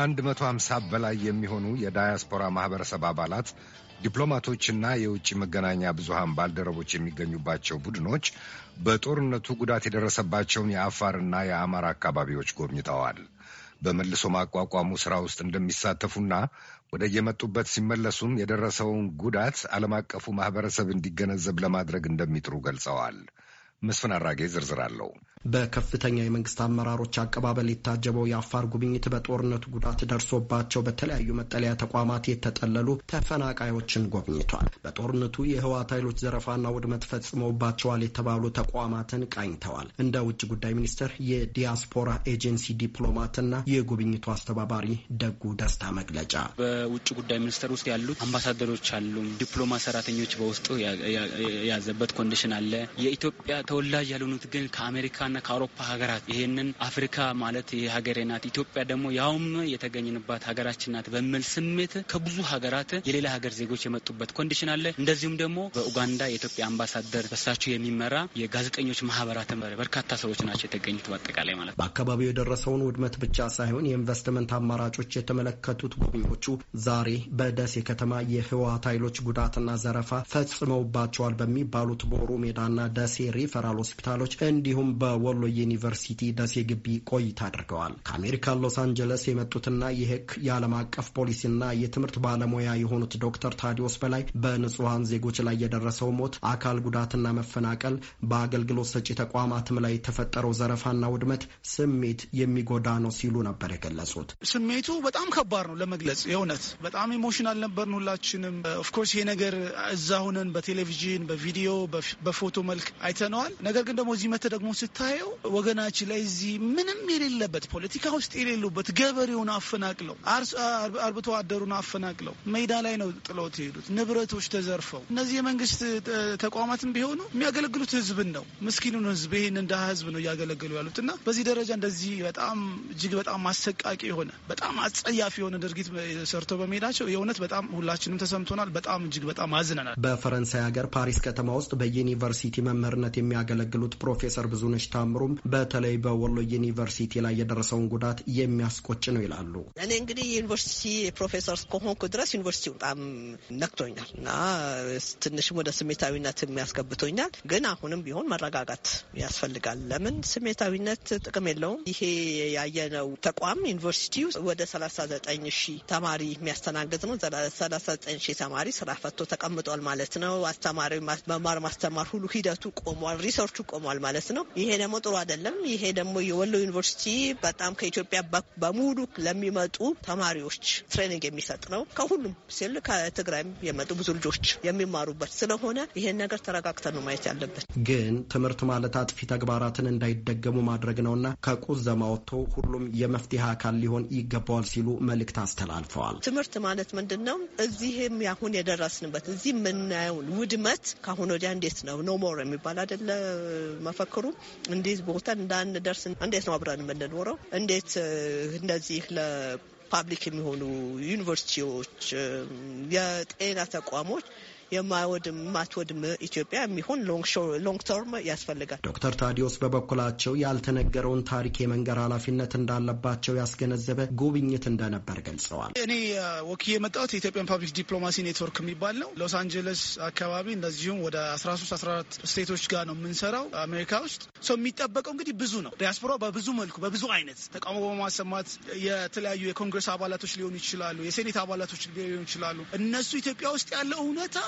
150 በላይ የሚሆኑ የዳያስፖራ ማህበረሰብ አባላት ዲፕሎማቶችና የውጭ መገናኛ ብዙሃን ባልደረቦች የሚገኙባቸው ቡድኖች በጦርነቱ ጉዳት የደረሰባቸውን የአፋርና የአማራ አካባቢዎች ጎብኝተዋል። በመልሶ ማቋቋሙ ሥራ ውስጥ እንደሚሳተፉና ወደ የመጡበት ሲመለሱም የደረሰውን ጉዳት ዓለም አቀፉ ማህበረሰብ እንዲገነዘብ ለማድረግ እንደሚጥሩ ገልጸዋል። መስፍን አራጌ ዝርዝር አለው። በከፍተኛ የመንግስት አመራሮች አቀባበል የታጀበው የአፋር ጉብኝት በጦርነቱ ጉዳት ደርሶባቸው በተለያዩ መጠለያ ተቋማት የተጠለሉ ተፈናቃዮችን ጎብኝቷል። በጦርነቱ የህወሓት ኃይሎች ዘረፋና ውድመት ፈጽመውባቸዋል የተባሉ ተቋማትን ቃኝተዋል። እንደ ውጭ ጉዳይ ሚኒስቴር የዲያስፖራ ኤጀንሲ ዲፕሎማትና የጉብኝቱ አስተባባሪ ደጉ ደስታ መግለጫ በውጭ ጉዳይ ሚኒስቴር ውስጥ ያሉት አምባሳደሮች አሉ፣ ዲፕሎማ ሰራተኞች በውስጡ ያዘበት ኮንዲሽን አለ። የኢትዮጵያ ተወላጅ ያልሆኑት ግን ከአሜሪካና ከአውሮፓ ሀገራት ይህንን አፍሪካ ማለት የሀገሬ ናት ኢትዮጵያ ደግሞ ያውም የተገኘንባት ሀገራችን ናት በሚል ስሜት ከብዙ ሀገራት የሌላ ሀገር ዜጎች የመጡበት ኮንዲሽን አለ። እንደዚሁም ደግሞ በኡጋንዳ የኢትዮጵያ አምባሳደር በሳቸው የሚመራ የጋዜጠኞች ማህበራት በርካታ ሰዎች ናቸው የተገኙት። በአጠቃላይ ማለት በአካባቢው የደረሰውን ውድመት ብቻ ሳይሆን የኢንቨስትመንት አማራጮች የተመለከቱት ጎብኚዎቹ ዛሬ በደሴ ከተማ የህወሀት ኃይሎች ጉዳትና ዘረፋ ፈጽመውባቸዋል በሚባሉት ቦሩ ሜዳና ደሴ ሪፈ ሪፈራል ሆስፒታሎች እንዲሁም በወሎ ዩኒቨርሲቲ ደሴ ግቢ ቆይታ አድርገዋል። ከአሜሪካ ሎስ አንጀለስ የመጡትና የህግ የዓለም አቀፍ ፖሊሲና የትምህርት ባለሙያ የሆኑት ዶክተር ታዲዮስ በላይ በንጹሐን ዜጎች ላይ የደረሰው ሞት፣ አካል ጉዳትና መፈናቀል፣ በአገልግሎት ሰጪ ተቋማትም ላይ የተፈጠረው ዘረፋና ውድመት ስሜት የሚጎዳ ነው ሲሉ ነበር የገለጹት። ስሜቱ በጣም ከባድ ነው ለመግለጽ የእውነት በጣም ኢሞሽናል ነበርን ሁላችንም። ኦፍኮርስ ይሄ ነገር እዛ ሁነን በቴሌቪዥን በቪዲዮ በፎቶ መልክ አይተነዋል። ይመስላል። ነገር ግን ደግሞ እዚህ መተ ደግሞ ስታየው ወገናችን ላይ እዚህ ምንም የሌለበት ፖለቲካ ውስጥ የሌሉበት ገበሬውን አፈናቅለው አርብቶ አደሩን አፈናቅለው ሜዳ ላይ ነው ጥለውት የሄዱት። ንብረቶች ተዘርፈው እነዚህ የመንግስት ተቋማትም ቢሆኑ የሚያገለግሉት ህዝብን ነው፣ ምስኪኑን ህዝብ ይህን እንደ ህዝብ ነው እያገለገሉ ያሉት እና በዚህ ደረጃ እንደዚህ በጣም እጅግ በጣም አሰቃቂ የሆነ በጣም አጸያፊ የሆነ ድርጊት ሰርተው በመሄዳቸው የእውነት በጣም ሁላችንም ተሰምቶናል። በጣም እጅግ በጣም አዝነናል። በፈረንሳይ ሀገር ፓሪስ ከተማ ውስጥ በዩኒቨርሲቲ መምህርነት የሚያ የሚያገለግሉት ፕሮፌሰር ብዙነሽ ታምሩም በተለይ በወሎ ዩኒቨርሲቲ ላይ የደረሰውን ጉዳት የሚያስቆጭ ነው ይላሉ። እኔ እንግዲህ ዩኒቨርሲቲ ፕሮፌሰር ከሆንኩ ድረስ ዩኒቨርሲቲ በጣም ነክቶኛል እና ትንሽም ወደ ስሜታዊነት የሚያስገብቶኛል። ግን አሁንም ቢሆን መረጋጋት ያስፈልጋል። ለምን ስሜታዊነት ጥቅም የለውም። ይሄ ያየነው ተቋም ዩኒቨርሲቲ ወደ 39 ሺህ ተማሪ የሚያስተናግድ ነው። 39 ሺህ ተማሪ ስራ ፈቶ ተቀምጧል ማለት ነው። አስተማሪ መማር ማስተማር ሁሉ ሂደቱ ቆሟል። ሪሰርቹ ቆሟል ማለት ነው። ይሄ ደግሞ ጥሩ አይደለም። ይሄ ደግሞ የወሎ ዩኒቨርሲቲ በጣም ከኢትዮጵያ በሙሉ ለሚመጡ ተማሪዎች ትሬኒንግ የሚሰጥ ነው። ከሁሉም ሲል ከትግራይም የመጡ ብዙ ልጆች የሚማሩበት ስለሆነ ይሄን ነገር ተረጋግተን ነው ማየት ያለበት። ግን ትምህርት ማለት አጥፊ ተግባራትን እንዳይደገሙ ማድረግ ነውና ከቁዘማ ወጥቶ ሁሉም የመፍትሄ አካል ሊሆን ይገባዋል ሲሉ መልእክት አስተላልፈዋል። ትምህርት ማለት ምንድን ነው? እዚህም አሁን የደረስንበት እዚህ የምናየውን ውድመት ከአሁን ወዲያ እንዴት ነው ኖ ሞር የሚባል አይደለም መፈክሩ እንዲህ ቦታ እንዳንደርስ እንዴት ነው አብረን የምንኖረው? እንዴት እንደዚህ ለፓብሊክ የሚሆኑ ዩኒቨርሲቲዎች፣ የጤና ተቋሞች የማወድም ማትወድም ኢትዮጵያ የሚሆን ሎንግ ተርም ያስፈልጋል። ዶክተር ታዲዮስ በበኩላቸው ያልተነገረውን ታሪክ የመንገር ኃላፊነት እንዳለባቸው ያስገነዘበ ጉብኝት እንደነበር ገልጸዋል። እኔ ወክዬ የመጣሁት የኢትዮጵያን ፐብሊክ ዲፕሎማሲ ኔትወርክ የሚባል ነው። ሎስ አንጀለስ አካባቢ እንደዚሁም ወደ 13 14 ስቴቶች ጋር ነው የምንሰራው አሜሪካ ውስጥ። ሰው የሚጠበቀው እንግዲህ ብዙ ነው። ዲያስፖራ በብዙ መልኩ በብዙ አይነት ተቃውሞ በማሰማት የተለያዩ የኮንግረስ አባላቶች ሊሆኑ ይችላሉ፣ የሴኔት አባላቶች ሊሆኑ ይችላሉ። እነሱ ኢትዮጵያ ውስጥ ያለው እውነታ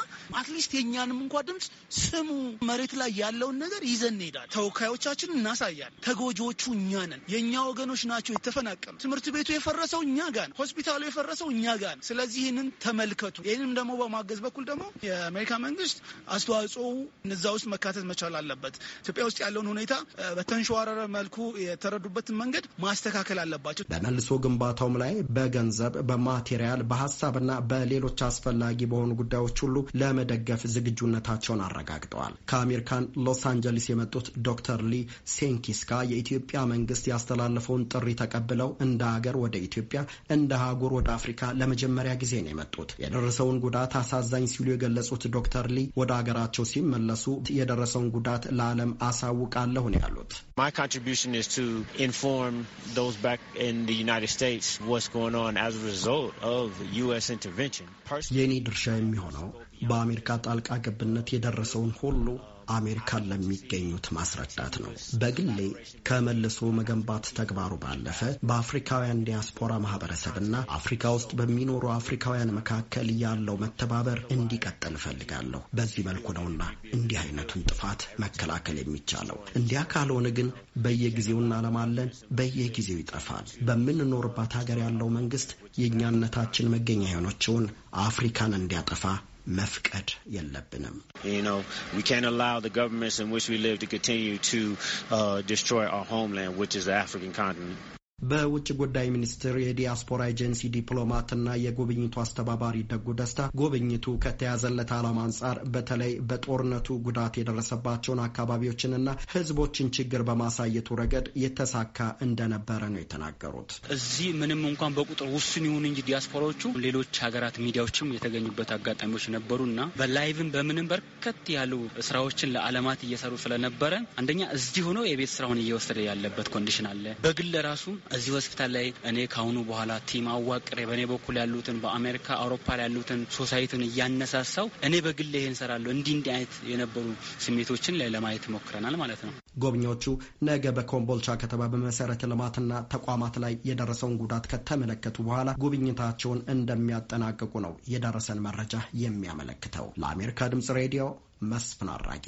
አትሊስት የእኛንም እንኳ ድምፅ ስሙ። መሬት ላይ ያለውን ነገር ይዘን እንሄዳለን። ተወካዮቻችን እናሳያል። ተጎጂዎቹ እኛ ነን። የእኛ ወገኖች ናቸው የተፈናቀኑ። ትምህርት ቤቱ የፈረሰው እኛ ጋን ነው። ሆስፒታሉ የፈረሰው እኛ ጋን ነው። ስለዚህ ይህንን ተመልከቱ። ይህንም ደግሞ በማገዝ በኩል ደግሞ የአሜሪካ መንግስት አስተዋጽኦ እነዛ ውስጥ መካተት መቻል አለበት። ኢትዮጵያ ውስጥ ያለውን ሁኔታ በተንሸዋረረ መልኩ የተረዱበትን መንገድ ማስተካከል አለባቸው። በመልሶ ግንባታውም ላይ በገንዘብ በማቴሪያል፣ በሀሳብና በሌሎች አስፈላጊ በሆኑ ጉዳዮች ሁሉ ለመደገፍ ዝግጁነታቸውን አረጋግጠዋል። ከአሜሪካን ሎስ አንጀሊስ የመጡት ዶክተር ሊ ሴንኪስካ የኢትዮጵያ መንግስት ያስተላለፈውን ጥሪ ተቀብለው እንደ ሀገር ወደ ኢትዮጵያ እንደ ሀጉር ወደ አፍሪካ ለመጀመሪያ ጊዜ ነው የመጡት። የደረሰውን ጉዳት አሳዛኝ ሲሉ የገለጹት ዶክተር ሊ ወደ ሀገራቸው ሲመለሱ የደረሰውን ጉዳት ለዓለም አሳውቃለሁ ነው ያሉት። የእኔ ድርሻ የሚሆነው በአሜሪካ ጣልቃ ገብነት የደረሰውን ሁሉ አሜሪካን ለሚገኙት ማስረዳት ነው። በግሌ ከመልሶ መገንባት ተግባሩ ባለፈ በአፍሪካውያን ዲያስፖራ ማህበረሰብና አፍሪካ ውስጥ በሚኖሩ አፍሪካውያን መካከል ያለው መተባበር እንዲቀጥል እፈልጋለሁ። በዚህ መልኩ ነውና እንዲህ አይነቱን ጥፋት መከላከል የሚቻለው። እንዲያ ካልሆነ ግን በየጊዜው እናለማለን፣ በየጊዜው ይጠፋል። በምንኖርባት ሀገር ያለው መንግስት የእኛነታችን መገኛ የሆነችውን አፍሪካን እንዲያጠፋ መፍቀድ የለብንም። በውጭ ጉዳይ ሚኒስቴር የዲያስፖራ ኤጀንሲ ዲፕሎማትና የጉብኝቱ አስተባባሪ ደጉ ደስታ ጉብኝቱ ከተያዘለት ዓላማ አንጻር በተለይ በጦርነቱ ጉዳት የደረሰባቸውን አካባቢዎችንና ሕዝቦችን ችግር በማሳየቱ ረገድ የተሳካ እንደነበረ ነው የተናገሩት። እዚህ ምንም እንኳን በቁጥር ውስን ይሁን እንጂ ዲያስፖራዎቹ ሌሎች ሀገራት ሚዲያዎችም የተገኙበት አጋጣሚዎች ነበሩና በላይቭም በምንም በርከት ያሉ ስራዎችን ለዓለማት እየሰሩ ስለነበረ አንደኛ እዚህ ሆኖ የቤት ስራውን እየወሰደ ያለበት ኮንዲሽን አለ። በግል ራሱ እዚህ ሆስፒታል ላይ እኔ ከአሁኑ በኋላ ቲም አዋቅሬ በእኔ በኩል ያሉትን በአሜሪካ አውሮፓ ላይ ያሉትን ሶሳይቲን እያነሳሳው እኔ በግል ይህን ሰራለሁ። እንዲህ እንዲህ አይነት የነበሩ ስሜቶችን ላይ ለማየት ሞክረናል ማለት ነው። ጎብኚዎቹ ነገ በኮምቦልቻ ከተማ በመሰረተ ልማትና ተቋማት ላይ የደረሰውን ጉዳት ከተመለከቱ በኋላ ጉብኝታቸውን እንደሚያጠናቅቁ ነው የደረሰን መረጃ የሚያመለክተው። ለአሜሪካ ድምጽ ሬዲዮ መስፍን አራጌ